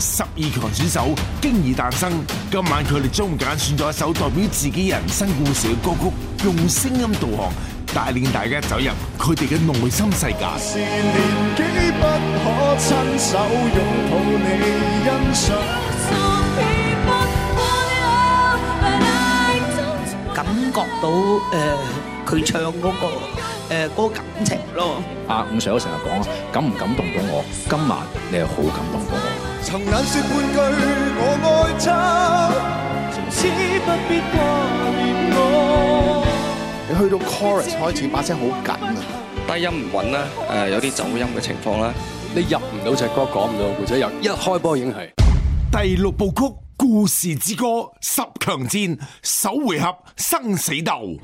十二強選手經已誕生，今晚佢哋終揀選咗一首代表自己人生故事嘅歌曲，用聲音導航，帶領大家走入佢哋嘅內心世界。年紀不可親手擁抱你欣賞你感覺到誒，佢、呃、唱嗰、嗰個誒、呃嗰個感情咯。阿伍 Sir 成日講啊，說感唔感動到我？今晚你係好感動到我。曾半句：「我我。」不必掛念我，你去到 chorus 開始把聲好緊啊，低音唔穩啦，誒有啲走音嘅情況啦，你入唔到隻歌，講唔到故仔，又一開波已經係第六部曲故事之歌十強戰首回合生死鬥。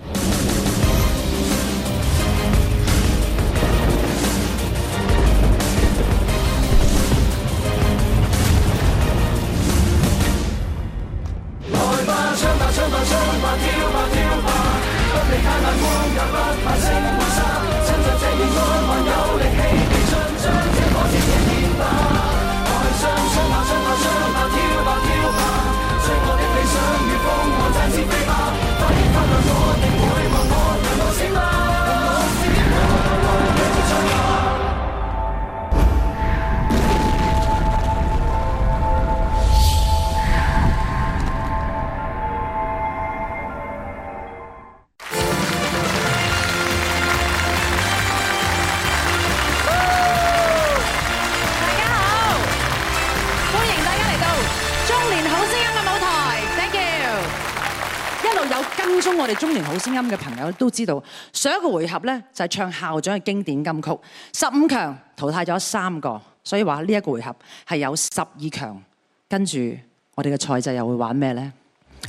我哋中年好聲音嘅朋友都知道，上一個回合咧，就係唱校長嘅經典金曲，十五強淘汰咗三個，所以話呢一個回合係有十二強。跟住我哋嘅賽制又會玩咩咧？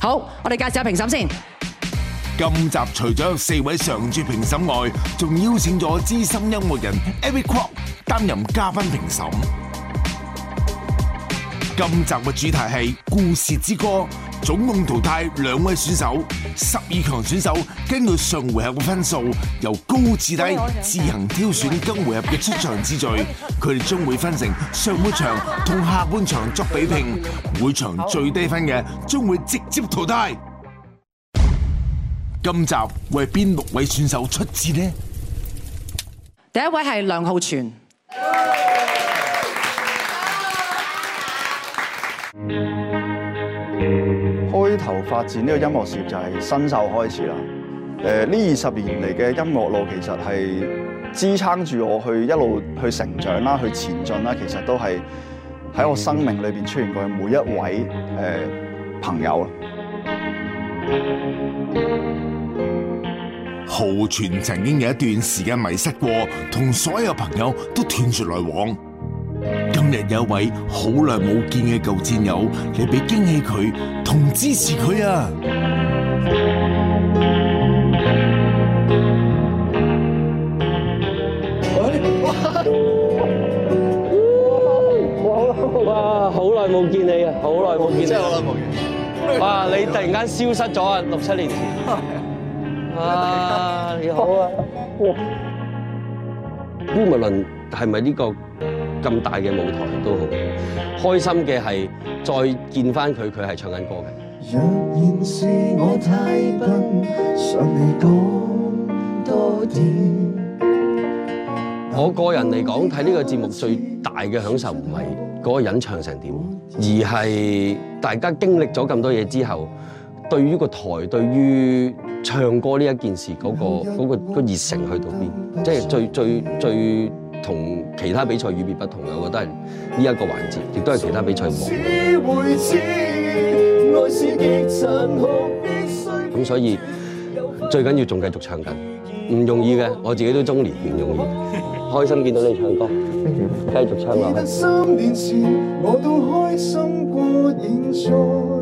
好，我哋介紹下評審先。今集除咗四位常駐評審外，仲邀請咗資深音樂人 Eric Kwok 擔任嘉賓評審。今集嘅主題係故事之歌。總共淘汰兩位選手，十二強選手根據上回合嘅分數由高至低自行挑選今回合嘅出場次序。佢哋將會分成上半場同下半場作比拼，每場最低分嘅將會直接淘汰。今集會係邊六位選手出戰呢？第一位係梁浩銓。頭發展呢個音樂事業就係新秀開始啦。誒、呃，呢二十年嚟嘅音樂路其實係支撐住我去一路去成長啦，去前進啦。其實都係喺我生命裏面出現過嘅每一位、呃、朋友。浩銓曾經有一段時間迷失過，同所有朋友都斷絕來往。今日有位好耐冇見嘅舊戰友，你俾驚喜佢同支持佢啊！喂，哇，哇，哇，好耐冇見你啊，好耐冇見你，真係好耐冇見！哇，你突然間消失咗啊，六七年前，啊，你好啊，烏物論係咪呢個？咁大嘅舞台都好，開心嘅係再見翻佢，佢係唱緊歌嘅。若然是我太笨，想你講多啲，我個人嚟講睇呢個節目最大嘅享受唔係嗰個人唱成點，而係大家經歷咗咁多嘢之後，對於個台、對於唱歌呢一件事嗰個嗰個個熱誠去到邊，即係最最最。最最同其他比賽與別不同，嘅，我覺得係呢一個環節，亦都係其他比賽冇。咁 所以 最緊要仲繼續唱緊，唔容易嘅，我自己都中年，唔容易。開心見到你唱歌，繼續唱。三年前我都開心過演唱。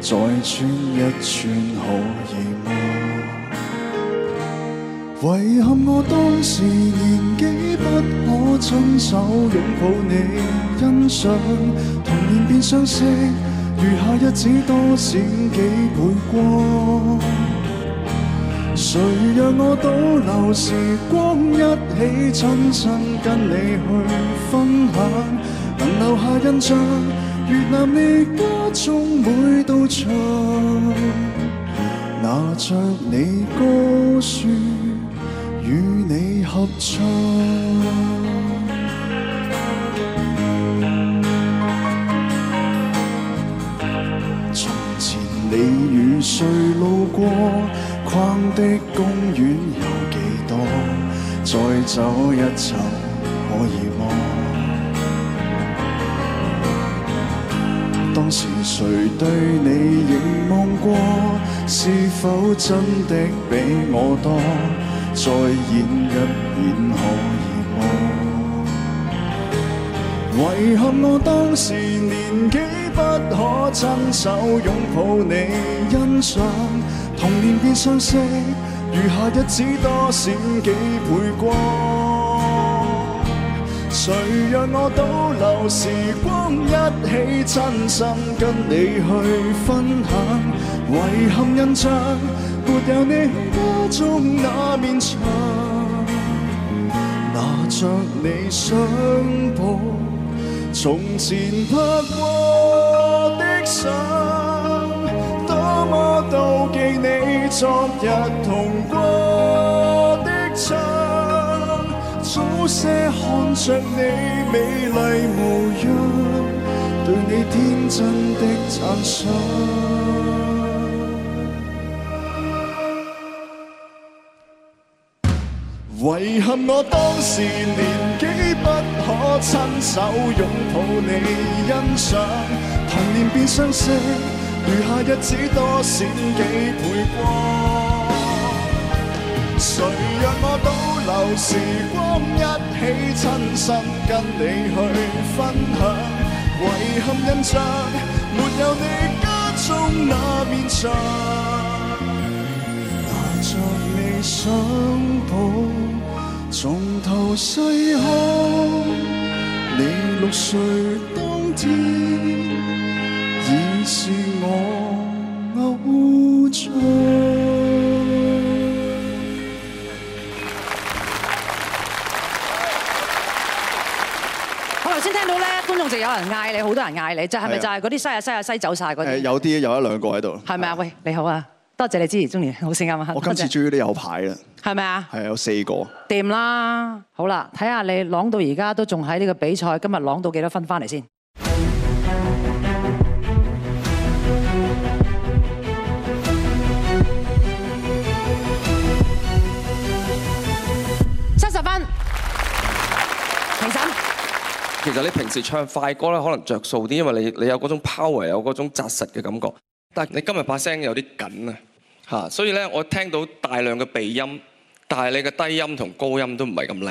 再穿一穿可以麼？遺憾我當時年紀不可親手擁抱你，欣賞童年變相識，餘下日子多閃幾倍光。誰讓我倒流時光，一起親身跟你去分享，能留下印象。越南你家中每道菜，拿着你歌書與你合唱。從前你與誰路過逛的公園有幾多？再走一走可以。誰對你凝望過？是否真的比我多？再演一遍可以嗎？遺憾我當時年紀不可親手擁抱你，欣賞童年便相識，餘下日子多閃幾倍光。誰讓我倒流時光，一起真心跟你去分享？遺憾印象，沒有你家中那面牆。拿着你相簿，從前拍過的相，多麼妒忌你昨日同過的。有些看着你美麗模樣，對你天真的讚賞。遺憾我當時年紀不可親手擁抱你欣賞，童年便相識，餘下日子多閃幾倍光。雖然我都？留時光一起親身跟你去分享，遺憾印象沒有你家中那面牆。拿着你相簿，從頭細看，你六歲當天，已是我偶像。到咧，觀眾就有人嗌你，好多人嗌你，即係就係咪就係嗰啲西啊西啊西走晒嗰啲？有啲有一兩個喺度，係咪啊？喂，你好啊，多謝你支持中年，好聲音啊！我今次終於都有牌啦，係咪啊？係有四個，掂啦，好啦，睇下你朗到而家都仲喺呢個比賽，今日朗到幾多分翻嚟先？其實你平時唱快歌咧，可能着數啲，因為你你有嗰種 power，有嗰種紮實嘅感覺。但係你今日把聲有啲緊啊，嚇！所以咧，我聽到大量嘅鼻音，但係你嘅低音同高音都唔係咁靚，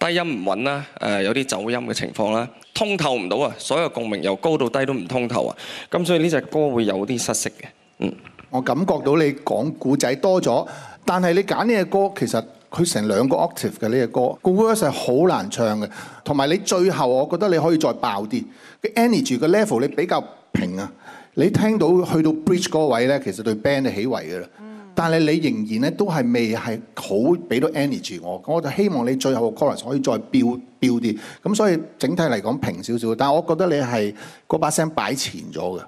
低音唔穩啦，誒有啲走音嘅情況啦，通透唔到啊，所有共鳴由高到低都唔通透啊，咁所以呢隻歌會有啲失色嘅。嗯，我感覺到你講古仔多咗，但係你揀呢隻歌其實。佢成兩個 octave 嘅呢、這個歌個 verse 係好難唱嘅，同埋你最後我覺得你可以再爆啲 energy 嘅 level，你比較平啊。你聽到去到 bridge 嗰位咧，其實對 band 係起位嘅啦、嗯，但係你仍然咧都係未係好俾到 energy 我。我就希望你最後嘅 chorus 可以再飆飆啲，咁所以整體嚟講平少少，但係我覺得你係個把聲擺前咗嘅。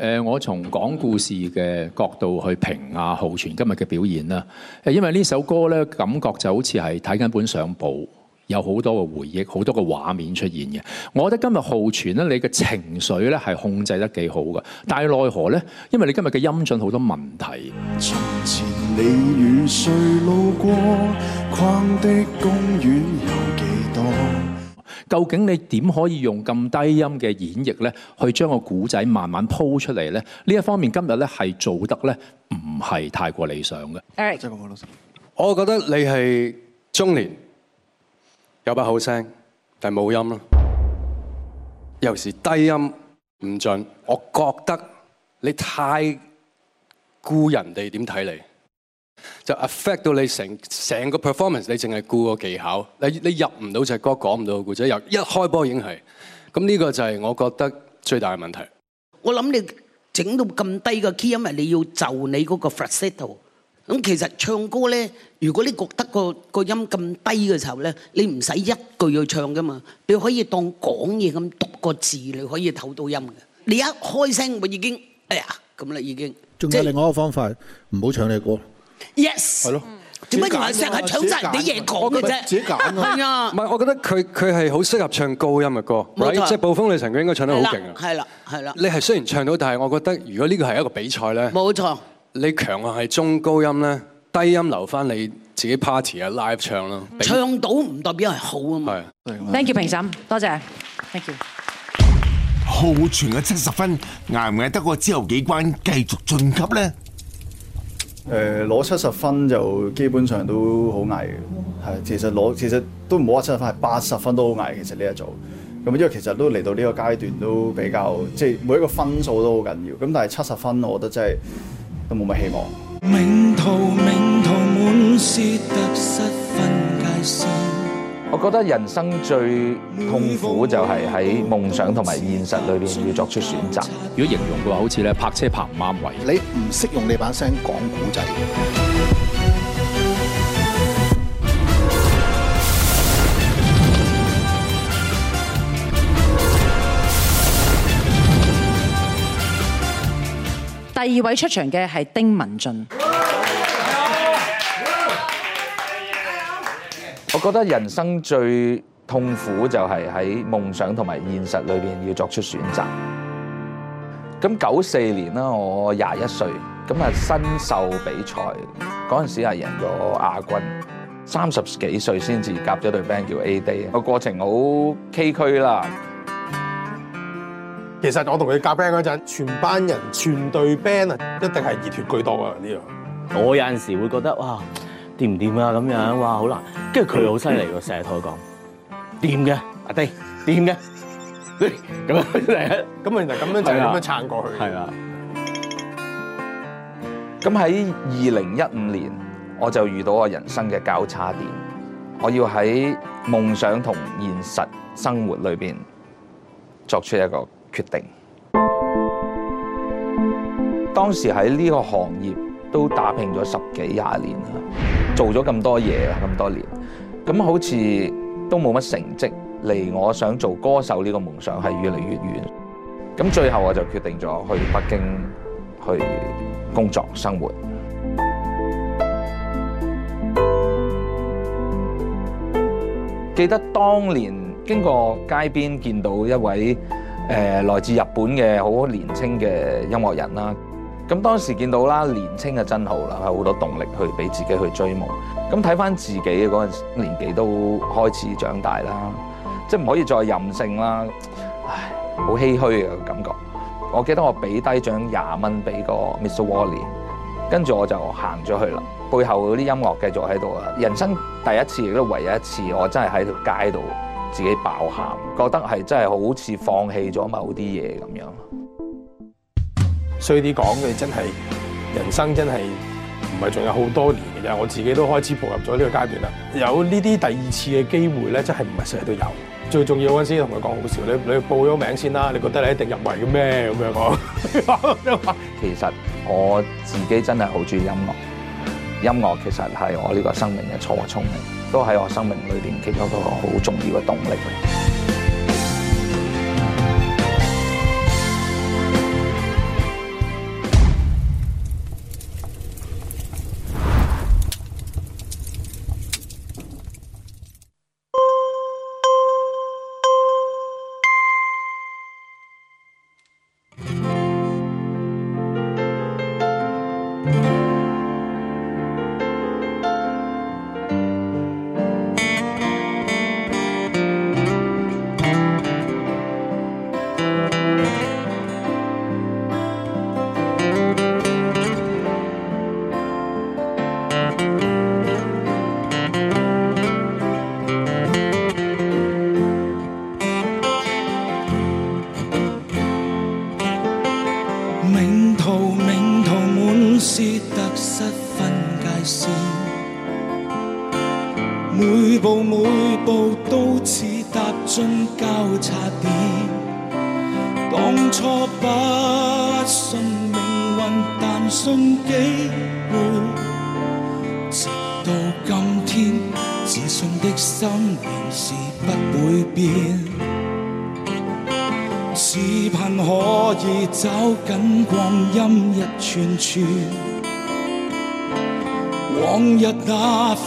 誒、呃，我從講故事嘅角度去評阿浩銓今日嘅表現啦。誒，因為呢首歌咧，感覺就好似係睇緊本相簿，有好多個回憶，好多個畫面出現嘅。我覺得今日浩銓咧，你嘅情緒咧係控制得幾好嘅，但係奈何咧，因為你今日嘅音準好多問題。從前你與誰路過究竟你點可以用咁低音嘅演繹咧，去將個古仔慢慢鋪出嚟咧？呢一方面今日咧係做得咧唔係太過理想嘅。誒，真係唔該，老師。我覺得你係中年，有把好聲，但係冇音咯。有時低音唔準，我覺得你太顧人哋點睇你。就 affect 到你成成個 performance，你淨係顧個技巧，你你入唔到隻歌，講唔到個故事，由一開波已經係咁，呢個就係我覺得最大嘅問題。我諗你整到咁低嘅 key，因為你要就你嗰個 phrase 喺度。咁其實唱歌咧，如果你覺得個個音咁低嘅時候咧，你唔使一句去唱噶嘛，你可以當講嘢咁讀個字，你可以唞到音嘅。你一開聲，我已經哎呀咁啦，已經。即係另外一個方法，唔好唱你歌。Yes，係咯，點解唔係成日搶晒？你嘢講嘅啫，自己揀啊？唔係、啊啊啊、 我覺得佢佢係好適合唱高音嘅歌，即係、啊 right? 暴風女神佢應該唱得好勁啊，係啦係啦。你係雖然唱到，但係我覺得如果呢個係一個比賽咧，冇錯，你強項係中高音咧，低音留翻你自己 party 啊 live 唱啦，唱到唔代表係好啊嘛。係，thank you 評審，多謝，thank you。浩銓嘅七十分，挨唔挨得過之後幾關繼續進級呢，繼續晉級咧？誒攞七十分就基本上都好危，嘅、嗯，其實攞其實都唔好話七十分，係八十分都好危。其實呢一組，咁因為其實都嚟到呢個階段都比較即係每一個分數都好緊要。咁但係七十分，我覺得真係都冇乜希望。我覺得人生最痛苦就係喺夢想同埋現實裏邊要作出選擇。如果形容嘅話，好似咧拍車拍唔啱位，你唔識用你把聲講古仔。第二位出場嘅係丁文俊。我覺得人生最痛苦就係喺夢想同埋現實裏邊要作出選擇。咁九四年啦，我廿一歲，咁啊新秀比賽嗰陣時係贏咗亞軍。三十幾歲先至夾咗對 band 叫 A Day 啊，個過程好崎嶇啦。其實我同佢夾 band 嗰陣，全班人全隊 band 啊，一定係熱血居多啊呢樣。我有陣時會覺得哇。掂唔掂啊？咁樣哇，好難。他很嗯啊、跟住佢好犀利喎，成日同我講掂嘅，阿、啊、丁，掂嘅，咁、嗯、樣咁 原來就咁樣就咁樣撐過去。係啦。咁喺二零一五年，我就遇到我人生嘅交叉點。我要喺夢想同現實生活裏邊作出一個決定。當時喺呢個行業都打拼咗十幾廿年啦。做咗咁多嘢，咁多年，咁好似都冇乜成績，離我想做歌手呢個夢想係越嚟越遠。咁最後我就決定咗去北京去工作生活。記得當年經過街邊見到一位誒、呃、來自日本嘅好年輕嘅音樂人啦。咁當時見到啦，年青就真好啦，有好多動力去俾自己去追夢。咁睇翻自己嗰個年紀都開始長大啦，即係唔可以再任性啦。唉，好唏噓嘅感覺。我記得我俾低獎廿蚊俾個 Mr. Wally，跟住我就行咗去啦。背後嗰啲音樂繼續喺度啊。人生第一次亦都唯一一次，我真係喺條街度自己爆喊，覺得係真係好似放棄咗某啲嘢咁樣。衰啲講嘅真係人生真係唔係仲有好多年嘅，我自己都開始步入咗呢個階段啦。有呢啲第二次嘅機會咧，真係唔係成日都有。最重要嗰時同佢講好笑，你你報咗名先啦，你覺得你一定入圍嘅咩咁樣講？ 其實我自己真係好鍾意音樂，音樂其實係我呢個生命嘅錯和嚟，明，都喺我生命裏面其中一個好重要嘅動力嚟。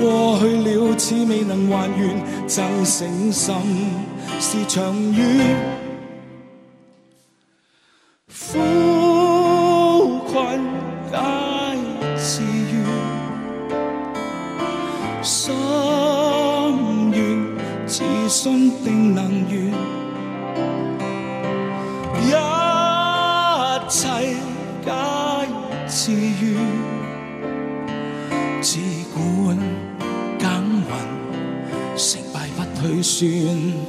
過去了，似未能還原。爭勝心是長遠，苦困皆自願，心願自信定能圓。去算。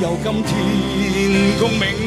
有今天，共鳴。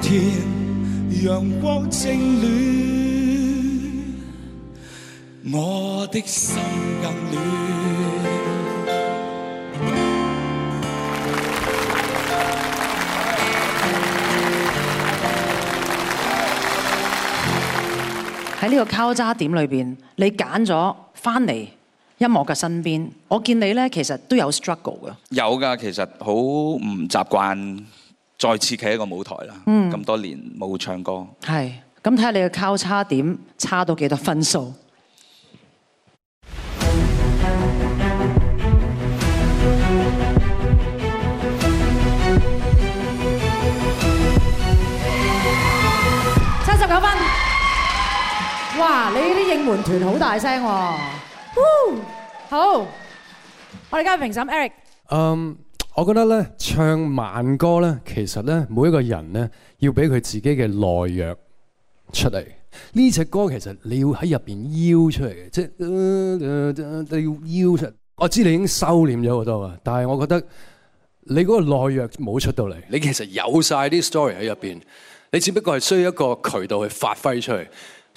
天光我的心更暖，喺呢個交叉點裏邊，你揀咗翻嚟。音樂嘅身邊，我見你咧，其實都有 struggle 嘅。有㗎，其實好唔習慣再次企喺個舞台啦。嗯，咁多年冇唱歌。係，咁睇下你嘅交叉點差到幾多分數？三十九分。哇！你啲應援團好大聲喎。 好，我哋而家評審 Eric。嗯，um，我覺得咧唱慢歌咧，其實咧每一個人咧要俾佢自己嘅內藥出嚟。呢隻歌其實你要喺入邊邀出嚟嘅，即係，呃、呃、呃，你要邀出。我知你已經收斂咗好多噶，但係我覺得你嗰個內藥冇出到嚟。你其實有晒啲 story 喺入邊，你只不過係需要一個渠道去發揮出嚟。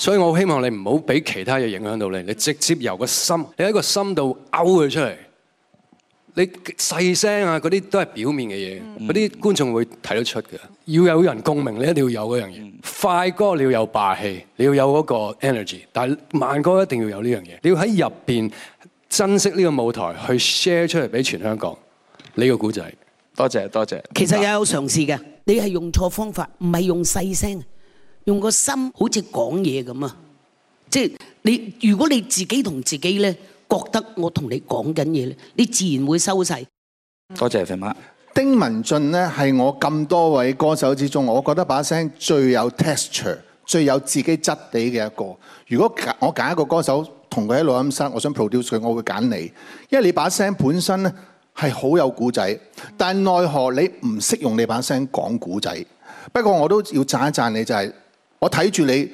所以我希望你唔好俾其他嘢影響到你，你直接由個心，你喺個心度勾佢出嚟。你細聲啊，嗰啲都係表面嘅嘢，嗰啲觀眾會睇得出嘅。要有人共鳴，你一定要有嗰樣嘢。嗯、快歌你要有霸氣，你要有嗰個 energy，但慢歌一定要有呢樣嘢。你要喺入面珍惜呢個舞台，去 share 出嚟俾全香港你呢個故仔。多謝多謝。其實有嘗試嘅，你係用錯方法，唔係用細聲。用個心好似講嘢咁啊！即係你如果你自己同自己咧覺得我同你講緊嘢咧，你自然會收細。多謝肥媽、嗯。丁文俊咧係我咁多位歌手之中，我覺得把聲最有 texture、最有自己質地嘅一個。如果我揀一個歌手同佢喺錄音室，我想 produce 佢，我會揀你，因為你把聲本身咧係好有故仔，但奈何你唔識用你把聲講故仔。不過我都要讚一讚你，就係、是。我睇住你，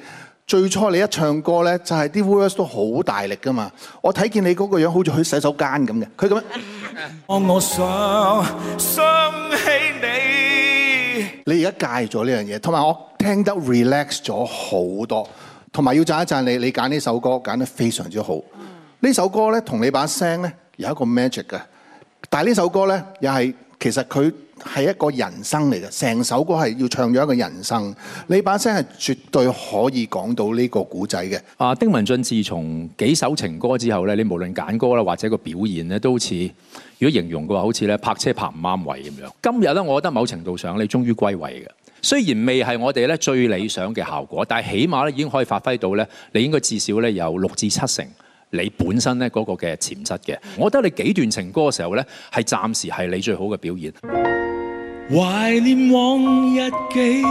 最初你一唱歌咧，就係啲 voice 都好大力噶嘛。我睇見你嗰個樣，樣，好似去洗手間咁嘅。佢、啊、咁，當我，我想想起你。你而家戒咗呢樣嘢，同埋我聽得 relax 咗好多，同埋要讚一讚你，你揀呢首歌揀得非常之好。呢、嗯、首歌咧，同你把聲咧有一個 magic 嘅，但係呢首歌咧，又係其實佢。係一個人生嚟嘅，成首歌係要唱咗一個人生。你把聲係絕對可以講到呢個古仔嘅。啊，丁文俊自從幾首情歌之後咧，你無論揀歌啦，或者個表現咧，都好似如果形容嘅話，好似咧拍車拍唔啱位咁樣。今日咧，我覺得某程度上你終於歸位嘅。雖然未係我哋咧最理想嘅效果，但係起碼咧已經可以發揮到咧，你應該至少咧有六至七成你本身咧嗰個嘅潛質嘅。我覺得你幾段情歌嘅時候咧，係暫時係你最好嘅表演。懷念往日幾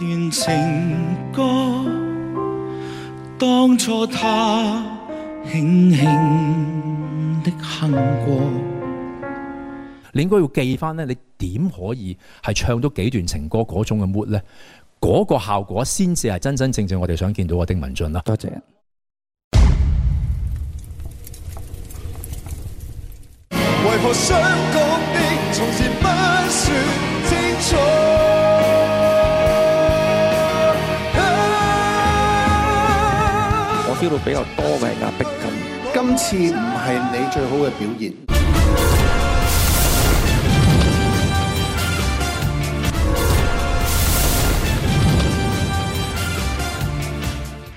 段情歌，當初他輕輕的哼過。你應該要記翻咧，你點可以係唱咗幾段情歌嗰種嘅 mood 呢？嗰個效果先至係真真正正我哋想見到嘅丁文俊啦。多謝啊。為何想講的從前不說？我 feel 到比較多嘅係壓迫感，今次唔係你最好嘅表現。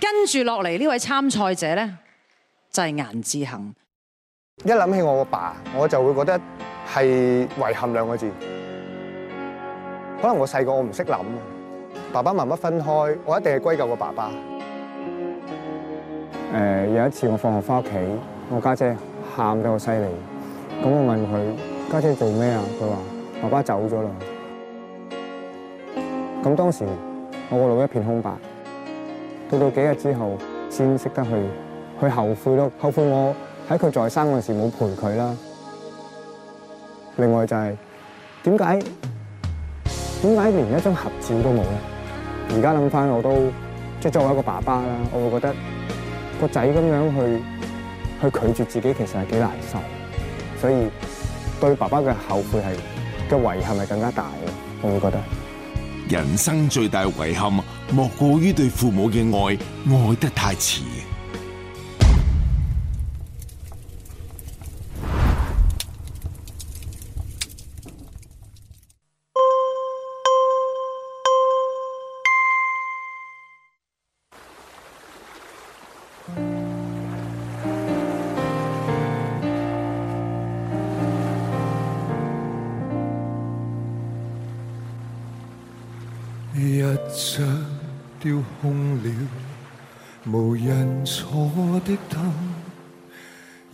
跟住落嚟呢位參賽者咧，就係顏志恒。一諗起我個爸，爸，我就會覺得係遺憾兩個字。可能我細個我唔識諗，爸爸媽媽分開，我一定係歸咎個爸爸。誒，有一次我放學翻屋企，我家姐喊得好犀利，咁我問佢：家姐做咩啊？佢話：爸爸走咗啦。咁當時我個腦一片空白，到到幾日之後先識得去去後悔咯，後悔我喺佢在生嗰時冇陪佢啦。另外就係點解？點解連一張合照都冇咧？而家諗翻，我都即係作為一個爸爸啦，我會覺得個仔咁樣去去拒絕自己，其實係幾難受。所以對爸爸嘅後悔係嘅遺憾係更加大嘅，我會覺得。人生最大嘅遺憾，莫過於對父母嘅愛愛得太遲。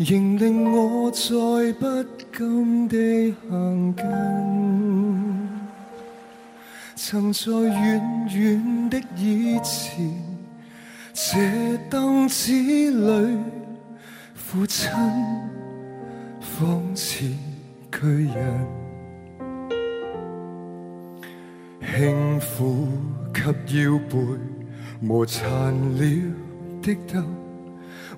仍令我再不甘地行近。曾在遠遠的以前，這凳子裏，父親仿似巨人，輕撫及腰背磨殘了的燈。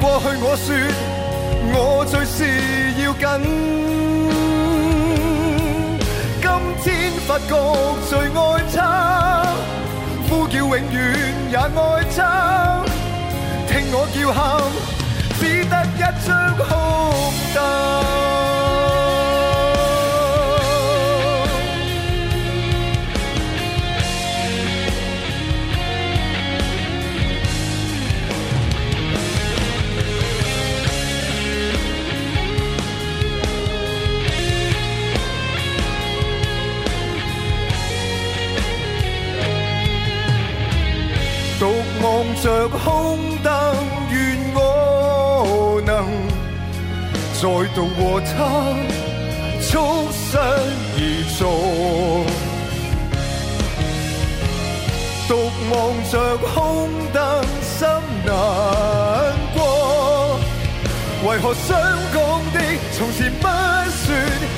過去我說我最是要緊，今天發覺最愛他，呼叫永遠也愛他，聽我叫喊，只得一張空凳。獨望着空燈，願我能再度和他促膝而坐。獨望着空燈，心難過，為何想講的從前不說？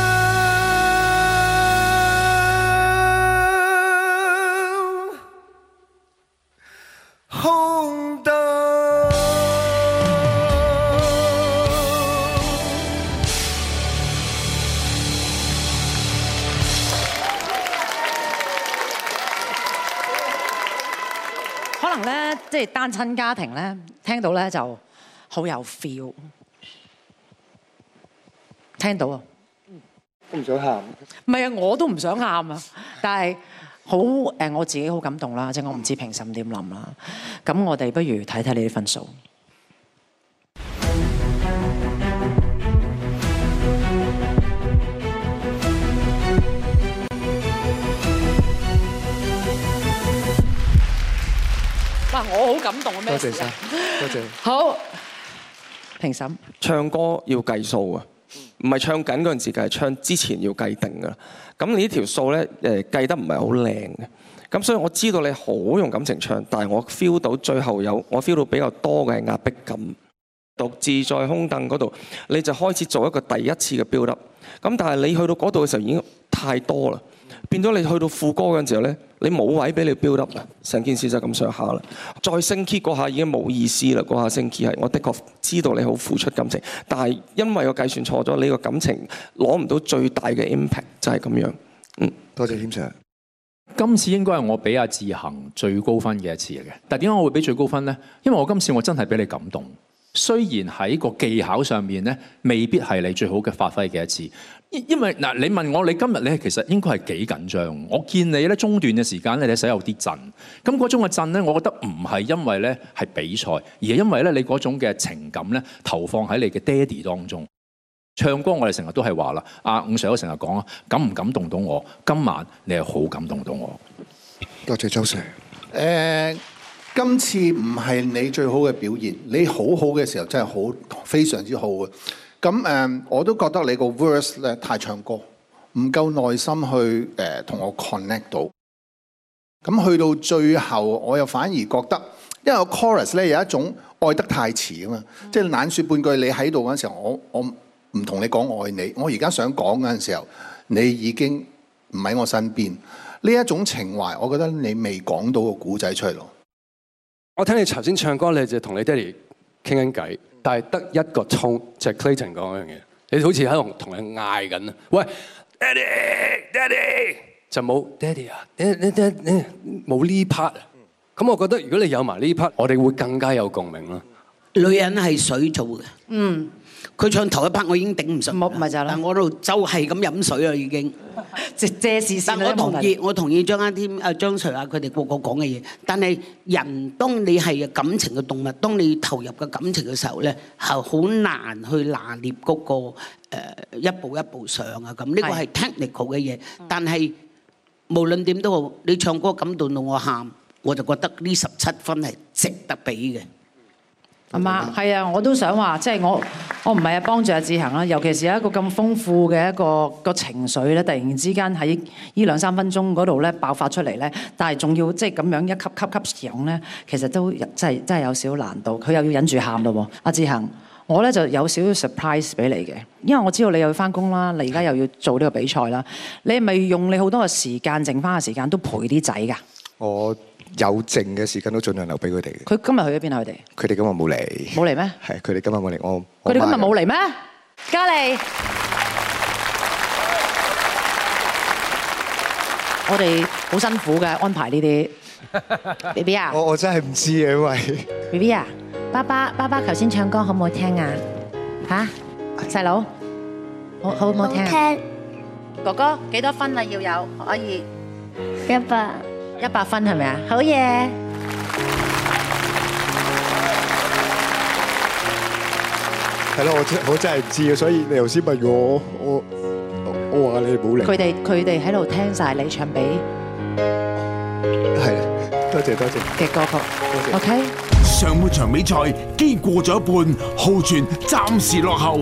即係單親家庭咧，聽到咧就好有 feel。聽到啊，我唔想喊。唔係啊，我都唔想喊啊。但係好誒，我自己好感動啦，即係我唔知評審點諗啦。咁我哋不如睇睇呢啲分數。我好感動啊！咩多謝晒！多謝，謝。好，評審。唱歌要計數啊，唔係唱緊嗰陣時計，係唱之前要計定㗎。咁你呢條數咧，誒計得唔係好靚嘅。咁所以我知道你好用感情唱，但係我 feel 到最後有，我 feel 到比較多嘅係壓迫感。獨自在空凳嗰度，你就開始做一個第一次嘅 build up。咁但係你去到嗰度嘅時候已經太多啦，變咗你去到副歌嗰陣時候咧。你冇位俾你 build up 啦，成件事就咁上下啦。再升 key 下已經冇意思啦，嗰下升 key 係我的確知道你好付出感情，但係因為我計算錯咗你個感情攞唔到最大嘅 impact，就係咁樣。嗯，多謝謙 sir。今次應該係我俾阿志恒最高分嘅一次嚟嘅，但係點解我會俾最高分呢？因為我今次我真係俾你感動。雖然喺個技巧上面咧，未必係你最好嘅發揮嘅一次，因因為嗱，你問我你今日你其實應該係幾緊張？我見你咧中段嘅時間咧，你隻手有啲震，咁嗰種嘅震咧，我覺得唔係因為咧係比賽，而係因為咧你嗰種嘅情感咧投放喺你嘅爹哋當中。唱歌我哋成日都係話啦，阿五 Sir 常都成日講啊，感唔感動到我？今晚你係好感動到我。多謝，謝周 Sir。誒、呃。今次唔係你最好嘅表現，你好好嘅時候真係好，非常之好嘅。咁誒、呃、我都覺得你個 verse 咧太唱歌，唔夠耐心去誒同、呃、我 connect 到。咁去到最後我又反而覺得，因為 chorus 咧有一種愛得太遲啊嘛，即、嗯、係、就是、冷說半句，你喺度陣時候，我我唔同你講愛你，我而家想講陣時候，你已經唔喺我身邊呢一種情懷我覺得你未講到個古仔出嚟咯。我聽你頭先唱歌，你就同你爹哋傾緊偈，但係得一個 tone，就係 Clayton 講嗰樣嘢，你好似喺度同佢嗌緊啊！喂，爹哋，爹哋 Dad、嗯，就冇爹哋啊，冇呢 part，咁我覺得如果你有埋呢 part，我哋會更加有共鳴咯。女人係水做嘅，嗯。佢唱頭一拍，我已經頂唔順，但係我度就係咁飲水啦，已經借借視線啦。但係我同意，我同意張佳添、張 Sir 佢哋個個講嘅嘢。但係人當你係感情嘅動物，當你投入嘅感情嘅時候咧，係好難去拿捏嗰個誒一步一步上啊。咁呢個係 technical 嘅嘢，但係無論點都好，你唱歌感動到我喊，我就覺得呢十七分係值得俾嘅。係嘛？係啊！我都想話，即係我我唔係啊，幫住阿志恒啦。尤其是一個咁豐富嘅一,一個情緒咧，突然之間喺呢兩三分鐘嗰度咧爆發出嚟咧，但係仲要即係咁樣一級級級上咧，其實都真係有少少難度。佢又要忍住喊咯喎，阿志恒，我咧就有少少 surprise 俾你嘅，因為我知道你又要翻工啦，你而家又要做呢個比賽啦，你係咪用你好多嘅時間，剩翻嘅時間都陪啲仔㗎？我。有剩嘅時間都盡量留俾佢哋。佢今日去咗邊啊？佢哋佢哋今日冇嚟。冇嚟咩？係，佢哋今日冇嚟。我佢哋今日冇嚟咩？嘉莉，我哋好辛苦嘅安排呢啲。BB 啊，我我真係唔知啊喂。BB 啊，爸爸爸爸頭先唱歌好唔好聽啊？吓，細佬，好好唔好聽啊？哥哥幾多分啊？要有可以一百。一百分係咪啊？好嘢！係咯，我真我真係唔知，所以你頭先問我，我我話你冇嚟。佢哋佢哋喺度聽晒你唱俾，係多謝多謝嘅歌曲。OK。上半場比賽竟然過咗一半，浩銓暫時落後，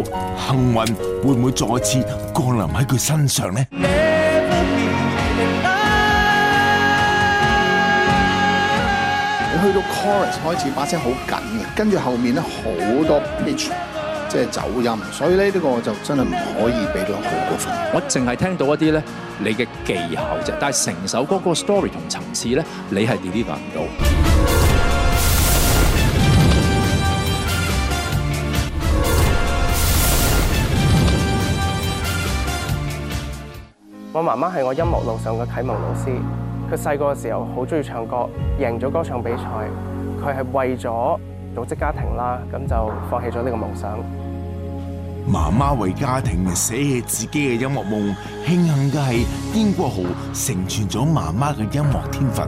幸運會唔會再次降臨喺佢身上呢？Chorus 開始把聲好緊嘅，跟住後面咧好多 pitch，即係走音，所以咧呢個我就真係唔可以俾到好過分。我淨係聽到一啲咧你嘅技巧啫，但係成首歌個 story 同層次咧，你係 deliver 唔到。我媽媽係我音樂路上嘅啟蒙老師。佢細個嘅時候好中意唱歌，贏咗歌唱比賽，佢係為咗組織家庭啦，咁就放棄咗呢個夢想。媽媽為家庭捨棄自己嘅音樂夢，慶幸嘅係羅啟豪成全咗媽媽嘅音樂天分。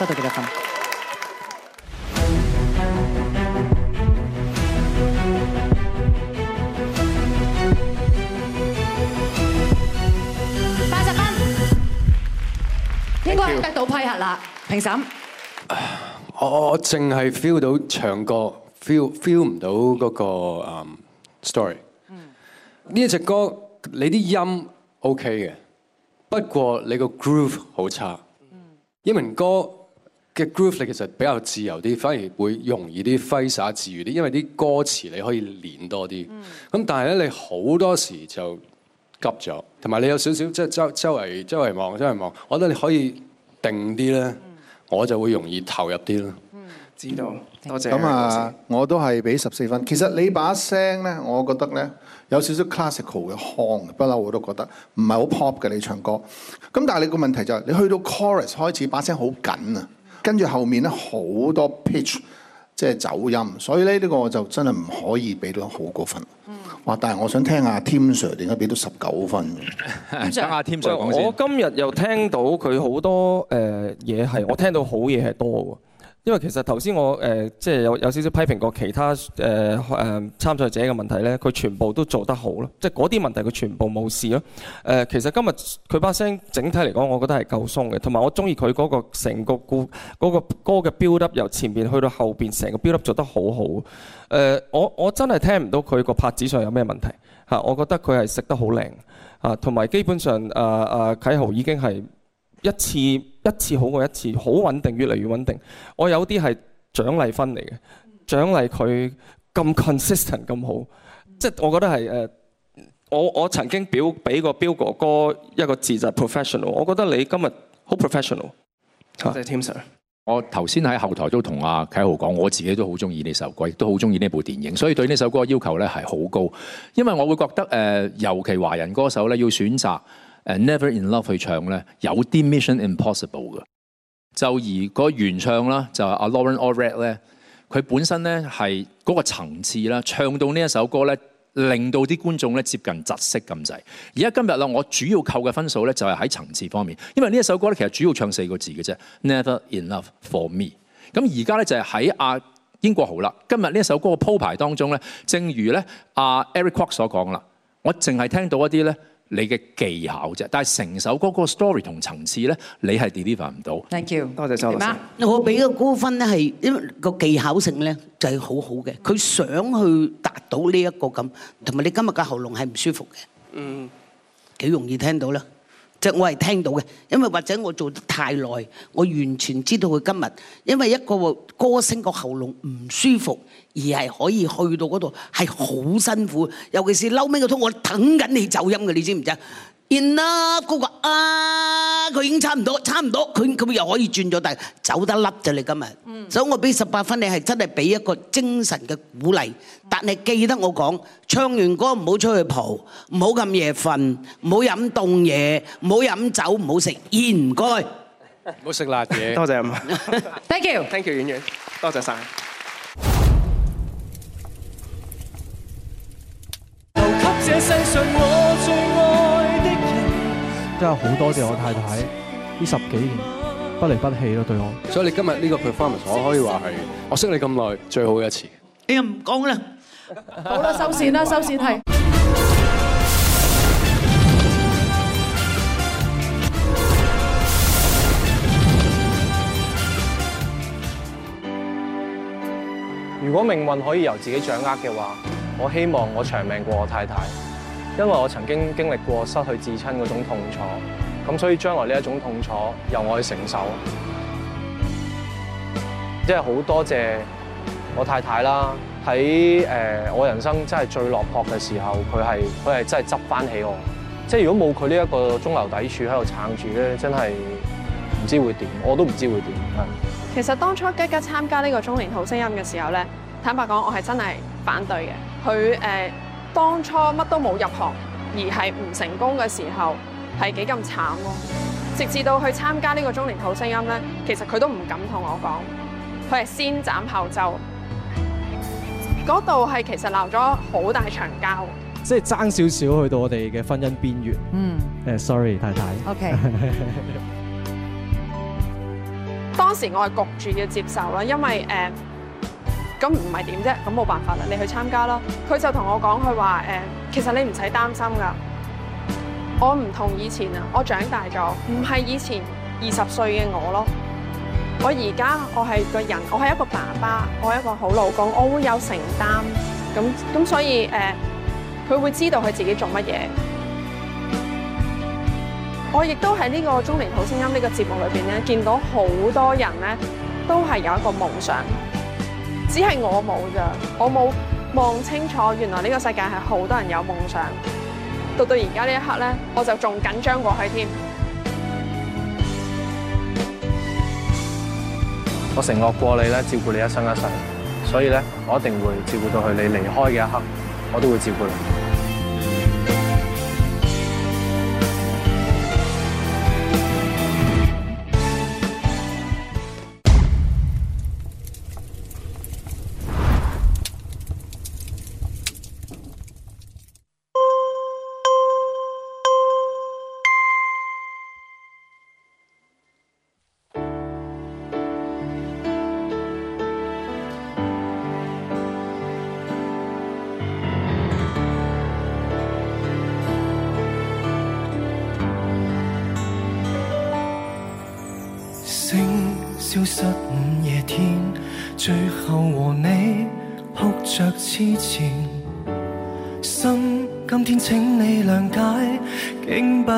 得到幾多分？八十蚊應該得到批核啦。評審，我我淨係 feel 到唱歌，feel feel 唔到嗰個誒 story。呢隻歌你啲音 OK 嘅，不過你個 groove 好差，英文歌。嘅 groove 咧其實比較自由啲，反而會容易啲揮灑自如啲，因為啲歌詞你可以練多啲。咁、嗯、但係咧，你好多時就急咗，同埋你有少少即係周周圍周圍望周圍望。我覺得你可以定啲咧、嗯，我就會容易投入啲啦、嗯。知道，多謝。咁啊，我都係俾十四分。其實你把聲咧，我覺得咧有少少 classical 嘅腔，不、嗯、嬲我都覺得唔係好 pop 嘅你唱歌。咁但係你個問題就係、是、你去到 chorus 開始把聲好緊啊！跟住後面咧好多 pitch 即係走音，所以咧呢個我就真係唔可以俾到好過分。嗯，哇！但係我想聽下 Tim Sir 點解俾到十九分？得阿 Tim Sir，我，我今日又聽到佢好多誒嘢係，我聽到好嘢係多喎。因為其實頭先我誒、呃、即係有有少少批評過其他誒誒參賽者嘅問題咧，佢全部都做得好咯，即係嗰啲問題佢全部冇事咯。誒、呃，其實今日佢把聲整體嚟講、那個呃啊，我覺得係夠鬆嘅，同埋我中意佢嗰個成個故嗰歌嘅 build up 由前邊去到後邊，成個 build up 做得好好。誒，我我真係聽唔到佢個拍子上有咩問題嚇，我覺得佢係食得好靚啊，同埋基本上誒誒、啊啊、啟豪已經係。一次一次好過一次，好穩定，越嚟越穩定。我有啲係獎勵分嚟嘅、嗯，獎勵佢咁 consistent 咁好。嗯、即係我覺得係誒，uh, 我我曾經表俾個標哥哥一個字就 professional。我覺得你今日好 professional。多謝 Tim Sir。我頭先喺後台都同阿啟豪講，我自己都好中意呢首歌，亦都好中意呢部電影，所以對呢首歌嘅要求咧係好高，因為我會覺得誒、呃，尤其華人歌手咧要選擇。誒 Never in Love 去唱咧，有啲 Mission Impossible 嘅。就而個原唱啦，就係、是、阿 Lauren Alred 咧，佢本身咧係嗰個層次啦，唱到呢一首歌咧，令到啲觀眾咧接近窒息咁滯。而家今日啦，我主要扣嘅分數咧就係喺層次方面，因為呢一首歌咧其實主要唱四個字嘅啫，Never in Love for me。咁而家咧就係喺阿英國豪啦，今日呢一首歌嘅鋪排當中咧，正如咧阿 Eric Kwok 所講啦，我淨係聽到一啲咧。你嘅技巧啫，但係成首歌個 story 同層次咧，你係 deliver 唔到。Thank you，多謝周老師。點啊？我俾個高分咧，係因為個技巧性咧就係好好嘅。佢想去達到呢一個咁，同埋你今日嘅喉嚨係唔舒服嘅，嗯，幾容易聽到啦。即我係聽到嘅，因為或者我做得太耐，我完全知道佢今日，因為一個歌聲個喉嚨唔舒服，而係可以去到嗰度係好辛苦，尤其是最尾個通，我等緊你走音嘅，你知唔知啊？Enough 嗰個啊，佢已經差唔多，差唔多，佢佢又可以轉咗，但係走得甩啫。你今日，所以我俾十八分，你係真係俾一個精神嘅鼓勵。但係記得我講，唱完歌唔好出去蒲，唔好咁夜瞓，唔好飲凍嘢，唔好飲酒，唔好食煙，唔該，唔好食辣嘢。多謝阿媽。Thank you，Thank you，演員，多謝曬。真係好多謝我太太，呢十幾年不離不棄咯對我。所以你今日呢個 performance，我可以話係，我識你咁耐最好嘅一次。哎呀唔講啦，好啦收線啦收線係。如果命運可以由自己掌握嘅話，我希望我長命過我太太。因為我曾經經歷過失去至親嗰種痛楚，咁所以將來呢一種痛楚由我去承受。即係好多謝我太太啦，喺誒我人生真係最落魄嘅時候是，佢係佢係真係執翻起我。即係如果冇佢呢一個中流砥柱喺度撐住咧，真係唔知會點，我都唔知會點。其實當初吉吉參加呢個中年好聲音嘅時候咧，坦白講，我係真係反對嘅。佢誒，呃當初乜都冇入行，而係唔成功嘅時候，係幾咁慘咯。直至到去參加呢個中年好聲音咧，其實佢都唔敢同我講，佢係先斬後奏。嗰度係其實鬧咗好大場交，即係爭少少去到我哋嘅婚姻邊緣。嗯，誒，sorry 太太。Okay， 當時我係焗住要接受啦，因為誒。Uh, 咁唔係點啫？咁冇辦法啦，你去參加囉。佢就同我講佢話誒，其實你唔使擔心噶。我唔同以前啊，我長大咗，唔係以前二十歲嘅我咯。我而家我係個人，我係一個爸爸，我係一個好老公，我會有承擔。咁咁所以誒，佢、呃、會知道佢自己做乜嘢。我亦都喺呢個中年好聲音呢、這個節目裏邊咧，見到好多人咧，都係有一個夢想。只係我冇㗎，我冇望清楚，原來呢個世界係好多人有夢想。到到而家呢一刻咧，我就仲緊張過去添。我承諾過你咧，照顧你一生一世，所以咧，我一定會照顧到佢。你離開嘅一刻，我都會照顧你。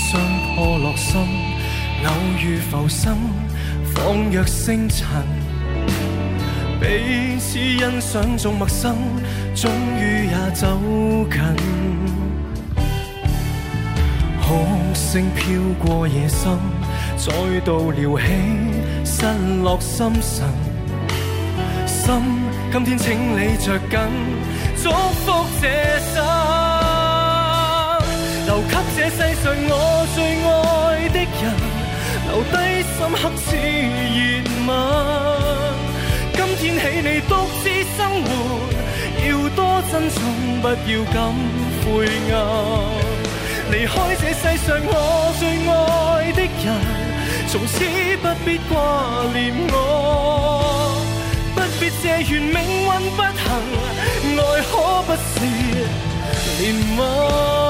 傷破落心，偶遇浮生，仿若星辰。彼此欣賞中陌生，終於也走近。哭聲飄過夜深，再度撩起失落心神。心，今天請你着緊，祝福這生。這世上我最愛的人，留低深刻似熱吻。今天起你獨自生活，要多珍重，不要咁灰暗。離開這世上我最愛的人，從此不必掛念我，不必謝緣，命運不幸，愛可不是憐憫。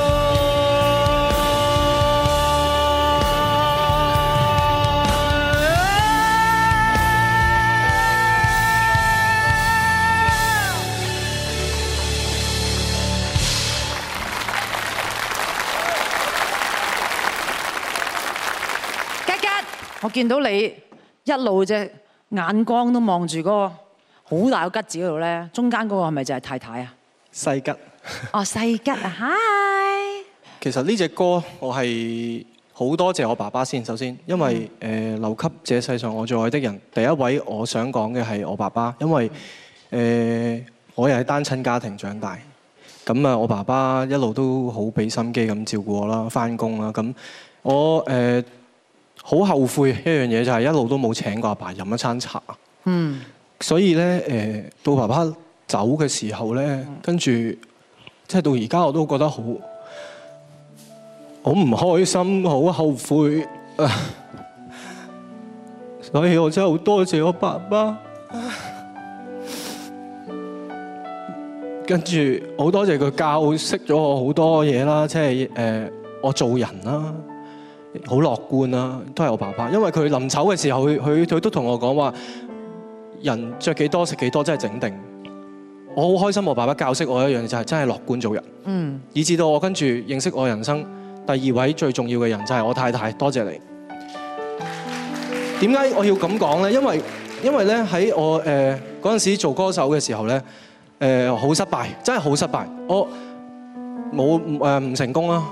我見到你一路隻眼光都望住嗰個好大個吉字嗰度呢。中間嗰個係咪就係太太啊？細吉、哦、吉。哦，細吉啊！嗨。其實呢隻歌我係好多謝我爸爸先，首先，因為誒、呃、留給這世上我最愛的人，第一位我想講嘅係我爸爸，因為誒、呃、我又喺單親家庭長大，咁啊我爸爸一路都好俾心機咁照顧我啦，返工啦，咁我誒。呃好後悔嘅一樣嘢就係一路都冇請過阿爸飲一餐茶。嗯。所以咧，誒到爸爸走嘅時候咧，跟住即係到而家我都覺得好，好唔開心，好後悔。所以我真係好多謝我爸爸。跟住好多謝佢教識咗我好多嘢啦，即係誒我做人啦。好樂觀啦，都係我爸爸，因為佢臨走嘅時候，佢佢佢都同我講話，人着幾多食幾多，真係整定。我好開心，我爸爸教識我一樣嘢就係真係樂觀做人。嗯，以至到我跟住認識我人生第二位最重要嘅人就係我太太，多謝你。點解我要咁講咧？因為因為咧喺我誒嗰陣時做歌手嘅時候咧，誒、呃、好失敗，真係好失敗，我冇唔、呃、成功啦。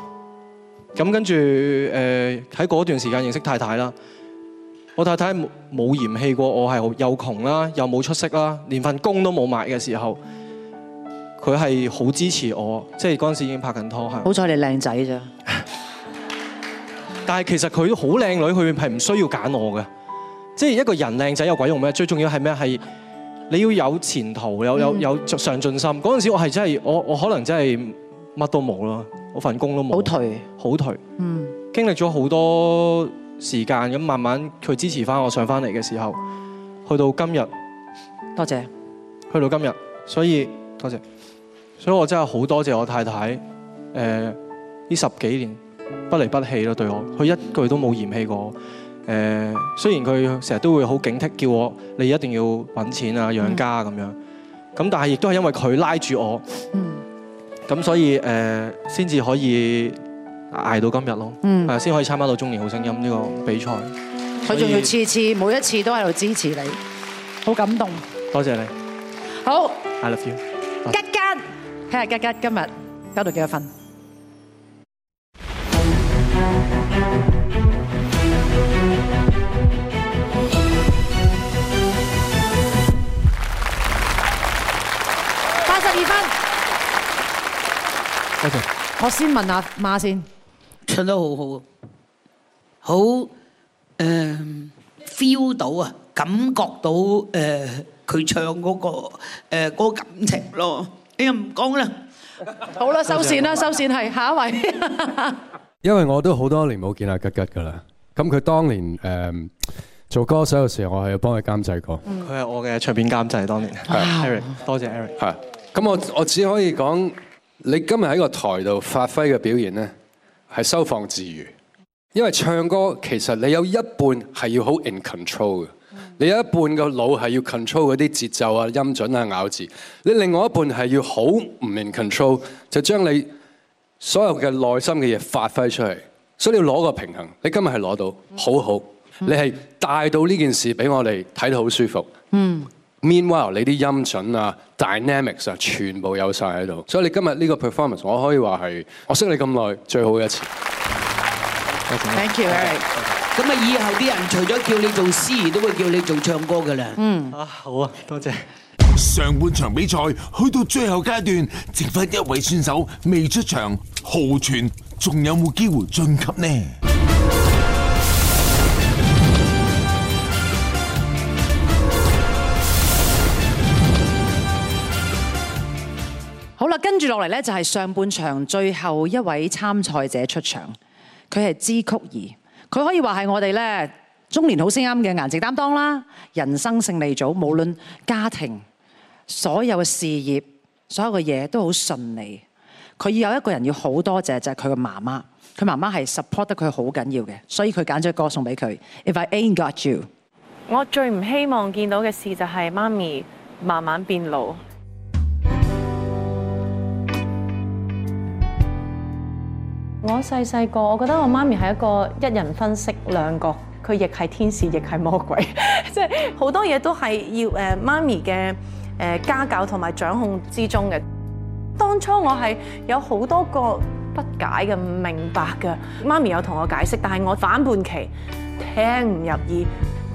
咁跟住誒喺嗰段時間認識太太啦，我太太冇嫌棄過我係又窮啦，又冇出息啦，連份工都冇埋嘅時候，佢係好支持我，即係嗰陣時已經拍緊拖嚇。好彩你靚仔咋，但係其實佢好靚女，佢係唔需要揀我嘅，即係一個人靚仔有鬼用咩？最重要係咩？係你要有前途，有有有上進心。嗰、嗯、陣時我係真係我我可能真係乜都冇咯。我份工都冇，好頹，好頹。嗯，經歷咗好多時間，咁慢慢佢支持翻我上翻嚟嘅時候，去到今日，多謝。去到今日，所以多謝，謝。所以我真係好多謝我太太。誒，呢十幾年不離不棄咯對我，佢一句都冇嫌棄過我。誒，雖然佢成日都會好警惕叫我，你一定要揾錢啊，養家咁樣。咁但係亦都係因為佢拉住我。嗯。咁所以誒，先、呃、至可以捱到今日咯，係啊，先可以參加到中年好聲音呢個比賽，所以佢仲要次次每一次都喺度支持你，好感動。多謝你好。好，I love you 吉吉，謝謝。吉吉，睇下吉吉今日加到幾多少分？謝謝，我先問下媽先，唱得好好，好，嗯，feel 到啊，感覺到誒，佢、呃、唱嗰、嗰個誒、呃嗰個感情咯。你又唔講啦，好啦，收線啦，收線係下一位 。因為我都好多年冇見阿吉吉噶啦，咁佢當年誒、呃、做歌手嘅時候，我係幫佢監製過，佢、嗯、係我嘅唱片監製當年。係，多謝，謝 Eric。係，咁我我只可以講。你今日喺個台度發揮嘅表現呢，係收放自如。因為唱歌其實你有一半係要好 in control 嘅，你有一半個腦係要 control 嗰啲節奏啊、音準啊、咬字。你另外一半係要好唔 in control，就將你所有嘅內心嘅嘢發揮出嚟。所以你要攞個平衡。你今日係攞到，好好。你係帶到呢件事俾我哋睇到好舒服。Meanwhile，嗯，你啲音準啊。Dynamics 啊，全部有晒喺度，所以你今日呢個 performance，我可以話係我識你咁耐最好一次。Thank you，Eric。咁啊，以後啲人除咗叫你做司儀，都會叫你做唱歌噶啦。嗯啊，好啊，多謝。上半場比賽去到最後階段，剩返一位選手未出場，浩銓仲有冇機會晉級呢？跟住落嚟咧，就係上半場最後一位參賽者出場，佢係支嚳儀，佢可以話係我哋咧中年好聲音嘅顏值擔當啦，人生勝利組，無論家庭、所有嘅事業、所有嘅嘢都好順利。佢要有一個人要好多謝就係佢嘅媽媽，佢媽媽係 support 得佢好緊要嘅，所以佢揀咗歌送俾佢。If I Ain't Got You，我最唔希望見到嘅事就係媽咪慢慢變老。我細細個，我覺得我媽咪係一個一人分析兩個，佢亦係天使，亦係魔鬼，即係好多嘢都係要誒媽咪嘅誒家教同埋掌控之中嘅。當初我係有好多個不解嘅、明白嘅，媽咪有同我解釋，但係我反叛期聽唔入耳，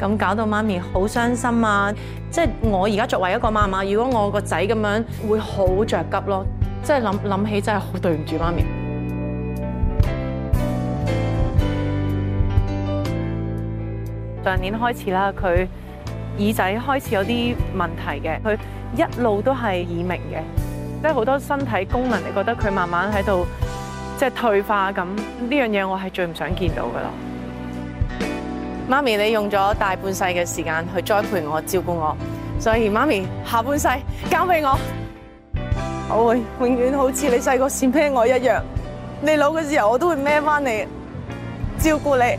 咁搞到媽咪好傷心啊！即係我而家作為一個媽媽，如果我個仔咁樣，會好着急咯。即係諗諗起，真係好對唔住媽咪。上年開始啦，佢耳仔開始有啲問題嘅，佢一路都係耳鳴嘅，即係好多身體功能，你覺得佢慢慢喺度即係退化咁，呢樣嘢，樣我係最唔想見到噶啦。媽咪，你用咗大半世嘅時間去栽培我、照顧我，所以媽咪下半世交俾我，我會永遠好似你細個扇撇我一樣，你老嘅時候我都會孭翻你照顧你。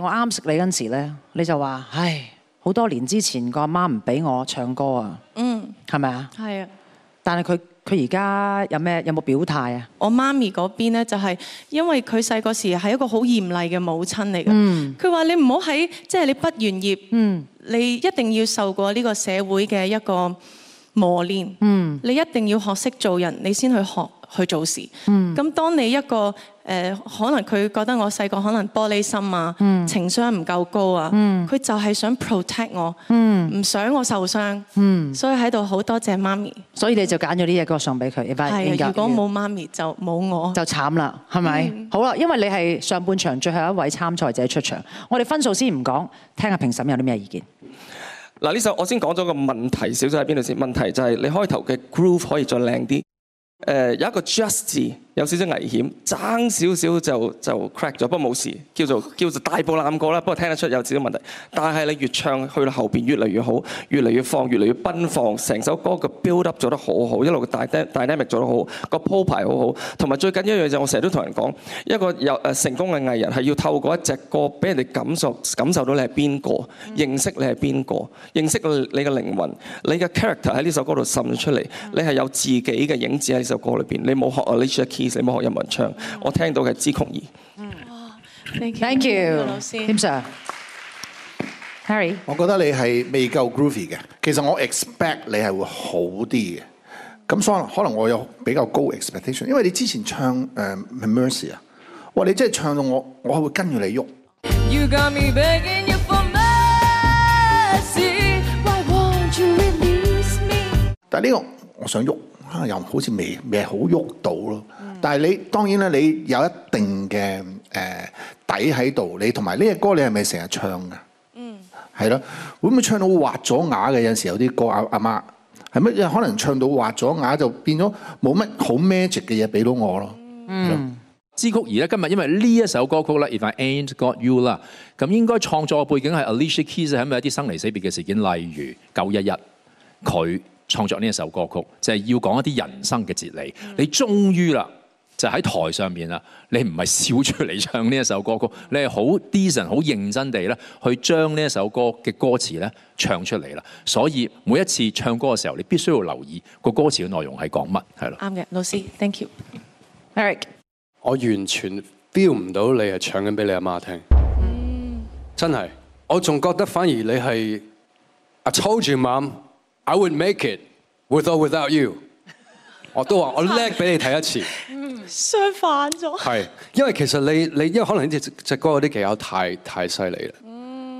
我啱識你嗰陣時咧，你就話：唉，好多年之前個阿媽唔俾我唱歌啊，嗯是，係咪啊？係啊。但係佢佢而家有咩有冇表態啊？我媽咪嗰邊咧就係因為佢細個時係一個好嚴厲嘅母親嚟、嗯、嘅，佢、就、話、是、你唔好喺即係你畢完業，嗯、你一定要受過呢個社會嘅一個。磨練、嗯，你一定要學識做人，你先去學去做事。咁、嗯、當你一個誒、呃，可能佢覺得我細個可能玻璃心啊，嗯、情商唔夠高啊，佢、嗯、就係想 protect 我，唔、嗯、想我受傷，嗯、所以喺度好多謝媽咪。所以你就揀咗呢首歌送俾佢、嗯。如果冇媽咪就冇我，就慘啦，係咪、嗯？好啦，因為你係上半場最後一位參賽者出場，我哋分數先唔講，聽下評審有啲咩意見。嗱，呢首我先講咗個問題，少少喺邊度先？問題就係你開頭嘅 groove 可以再靚啲，有一個 just 字。有少少危險，爭少少就就 crack 咗，不過冇事，叫做叫做大步攬過啦。不過聽得出有少少問題，但係你越唱去到後邊越嚟越好，越嚟越放，越嚟越奔放。成首歌個 build up 做得好好，一路大 dynamic 做得好，個鋪排好好。同埋最緊要一樣嘢就我成日都同人講，一個有誒成功嘅藝人係要透過一隻歌俾人哋感受感受到你係邊個，認識你係邊個，認識你嘅靈魂，你嘅 character 喺呢首歌度滲咗出嚟，你係有自己嘅影子喺呢首歌裏邊，你冇學 Alicia Keys 死冇學日文唱，我聽到嘅支嚳儀。嗯，哇，thank you，老師，Himshar，Harry。我覺得你係未夠 groovy 嘅，其實我 expect 你係會好啲嘅。咁所以可能我有比較高 expectation，因為你之前唱誒、呃、Mercy 啊，哇！你真係唱到我，我係會跟住你喐。You got me begging you for mercy, why won't you release me？但係呢個我想喐啊，又好似未未好喐到咯。但係你當然啦，你有一定嘅誒、呃、底喺度。你同埋呢隻歌，你係咪成日唱噶？嗯，係咯。會唔會唱到滑咗牙嘅？有陣時有啲歌阿阿媽係咪可能唱到滑咗牙，就變咗冇乜好 magic 嘅嘢俾到我咯。嗯，支嚳儀咧，今日因為呢一首歌曲啦 If I Ain't Got You 啦，咁應該創作嘅背景係 Alicia Keys 係咪一啲生離死別嘅事件？例如九一一，佢創作呢一首歌曲，就係、是、要講一啲人生嘅哲理。嗯、你終於啦～就喺、是、台上面啦，你唔係笑出嚟唱呢一首歌曲，你係好 d e c e n t 好認真地咧去將呢一首歌嘅歌詞咧唱出嚟啦。所以每一次唱歌嘅時候，你必須要留意個歌詞嘅內容係講乜，係咯。啱嘅，老師，thank you，Eric。我完全 feel 唔到你係唱緊俾你阿媽聽，嗯、真係。我仲覺得反而你係啊，粗住媽，I would make it with or without you 我。我都話我叻 e 俾你睇一次。 相反咗，係因為其實你你因為可能呢隻隻歌嗰啲技巧太太犀利啦，咁、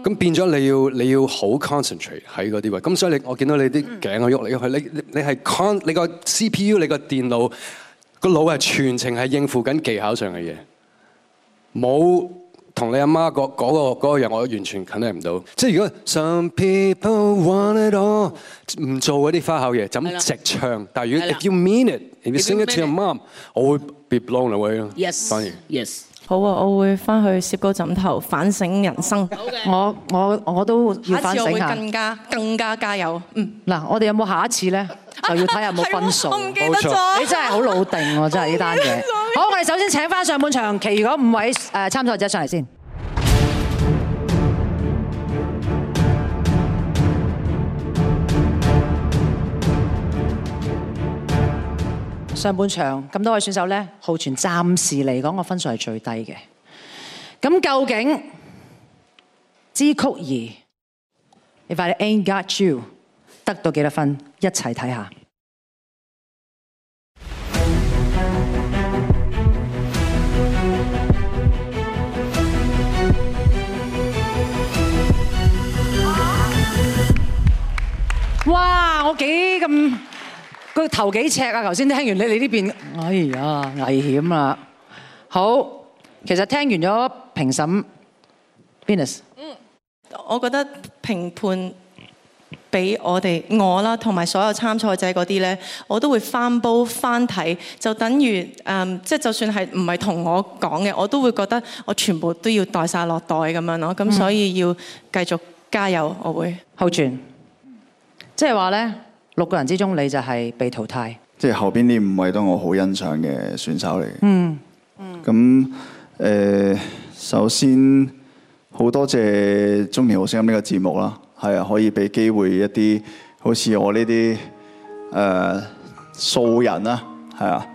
嗯、變咗你要你要好 concentrate 喺嗰啲位，咁所以你我見到你啲頸我喐嚟喐去，你你你係 con 你個 CPU 你個電腦個腦係全程係應付緊技巧上嘅嘢，冇。同你阿媽嗰嗰、嗰個嗰、嗰個人、嗰個，我完全肯定唔到。即係如果 some people want it all，唔做嗰啲花巧嘢，就咁直唱。但係如果 if you mean it，if you sing 一次阿媽，媽，我會 be blown away 咯。當然 yes。好啊，我會翻去攝個枕頭，反省人生。我我我都要反省下。下次我會更加更加加油。嗯，嗱，我哋有冇下一次咧？就要睇下有冇分數。冇、 啊、錯，你真係好老定喎！真係呢單嘢。好，我哋首先請返上半場其餘嗰五位參賽者上嚟先。上半場咁多位選手呢，浩銓暫時嚟講個分數係最低嘅。咁究竟支嚳儀，If I Ain't Got You，得到幾多分？一齊睇下。哇！我幾咁個頭幾尺啊？頭先聽完你你呢邊，哎呀危險啦！好，其實聽完咗評審 Venus、嗯、我覺得評判俾我哋我啦，同埋所有參賽者嗰啲呢，我都會翻煲翻睇，就等於誒，即係就算係唔係同我講嘅，我都會覺得我全部都要袋晒落袋咁樣咯，咁、嗯、所以要繼續加油，我會後轉。好即係話咧，六個人之中你就係被淘汰。即係後邊啲五位都我好欣賞嘅選手嚟。嗯嗯。咁誒、呃，首先好多謝中年好聲音呢個節目啦，係啊，可以俾機會一啲好似我呢啲誒素人啦，係啊，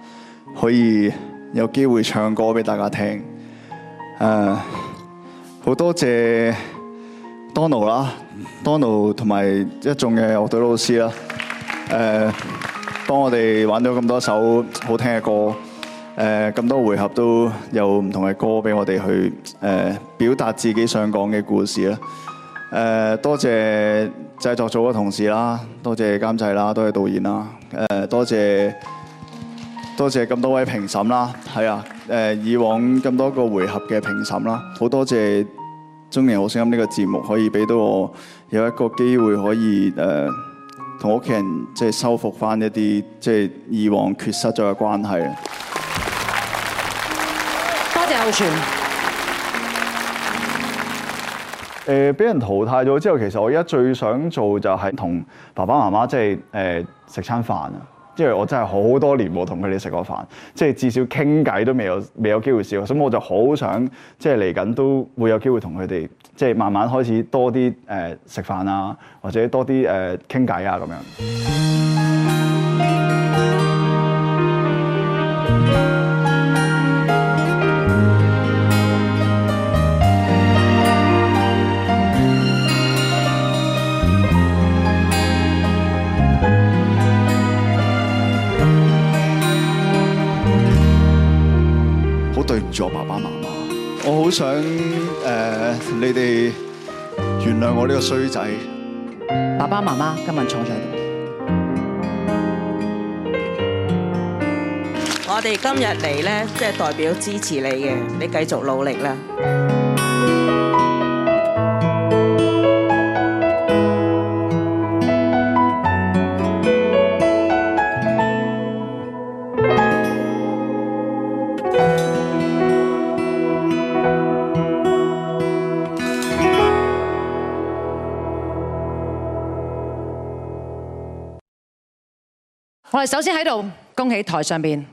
可以有機會唱歌俾大家聽。誒、呃，好多謝 Donald 啦。Donald 同埋一眾嘅樂隊老師啦，誒，幫我哋玩咗咁多首好聽嘅歌，誒，咁多回合都有唔同嘅歌俾我哋去誒，uh，表達自己想講嘅故事啦，誒，uh，多謝製作組嘅同事啦，多謝監製啦，多謝導演啦，誒，uh，多謝多謝，uh，多謝咁多位評審啦，係啊，誒，以往咁多個回合嘅評審啦，好多謝。中年好聲音呢個節目可以俾到我有一個機會，可以誒同屋企人即係、就是、修復翻一啲即係以往缺失咗嘅關係。多謝浩銓。誒、呃，俾人淘汰咗之後，其實我而家最想做就係同爸爸媽媽即係誒食餐飯啊。因為我真係好多年冇同佢哋食過飯，即係至少傾偈都未有未有機會試過，咁我就好想即係嚟緊都會有機會同佢哋即係慢慢開始多啲誒食飯啊，或者多啲誒傾偈啊噉樣。做爸爸媽媽，我好想誒，你哋原諒我呢個衰仔。爸爸媽媽，今日坐喺度，我哋今日嚟咧，即係代表支持你嘅，你繼續努力啦。首先喺度恭喜台上邊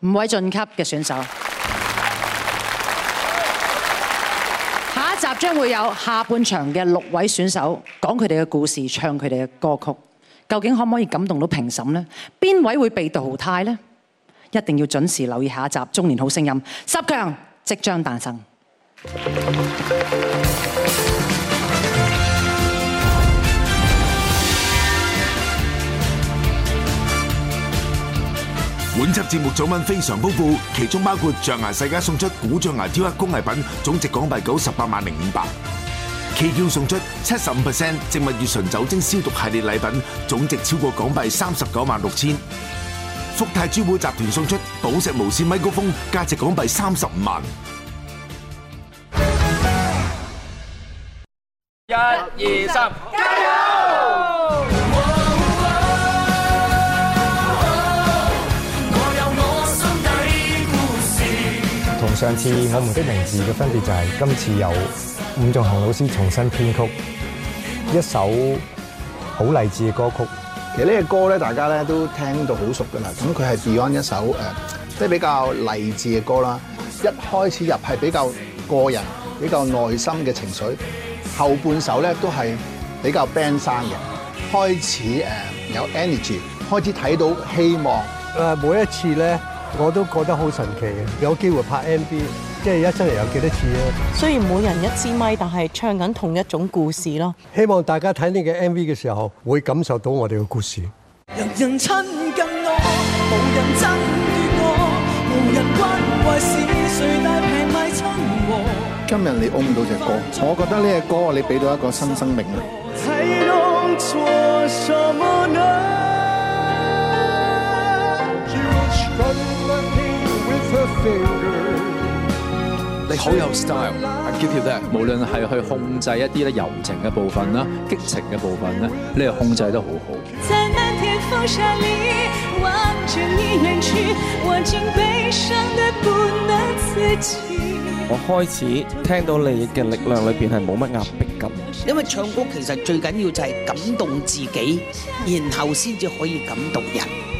五位晉級嘅選手。 下一集將會有下半場嘅六位選手講佢哋嘅故事、唱佢哋嘅歌曲，究竟可唔可以感動到評審呢？邊位會被淘汰呢？一定要準時留意下一集《中年好聲音》十強即將誕生。 本輯節目獎品非常豐富，其中包括象牙世家送出古象牙雕刻工藝品，總值港幣九十八萬零五百；KU 送出七十五%植物乙醇酒精消毒系列禮品，總值超過港幣三十九萬六千；福泰珠寶集團送出寶石無線咪高峰，價值港幣三十五萬。一、二、三。上次我們的名字嘅分別就係，今次有伍仲衡老師重新編曲，一首好勵志嘅歌曲。其實呢個歌咧，大家咧都聽到好熟㗎喇。咁佢係 Beyond 一首誒、呃，即係比較勵志嘅歌啦。一開始入係比較個人、比較內心嘅情緒，後半首咧都係比較 band sound 嘅，開始誒有 energy，開始睇到希望。誒、呃、每一次咧。我都覺得好神奇嘅，有機會拍 MV，即係一生嚟有幾多次咧？雖然每人一支咪，但係唱緊同一種故事咯。希望大家睇呢個 MV 嘅時候，會感受到我哋嘅故事。人人親近我，無人爭予我，冇人關懷，是今日你 o 到隻歌我，我覺得呢隻歌你俾到一個新生命啊！了 Perfect. 你好有 style，I give you that 無論係去控制一啲咧柔情嘅部分啦，激情嘅部分呢，你又控制得好好。我開始聽到你嘅力量裏邊係冇乜壓迫感，因為唱歌其實最緊要就係感動自己，然後先至可以感動人。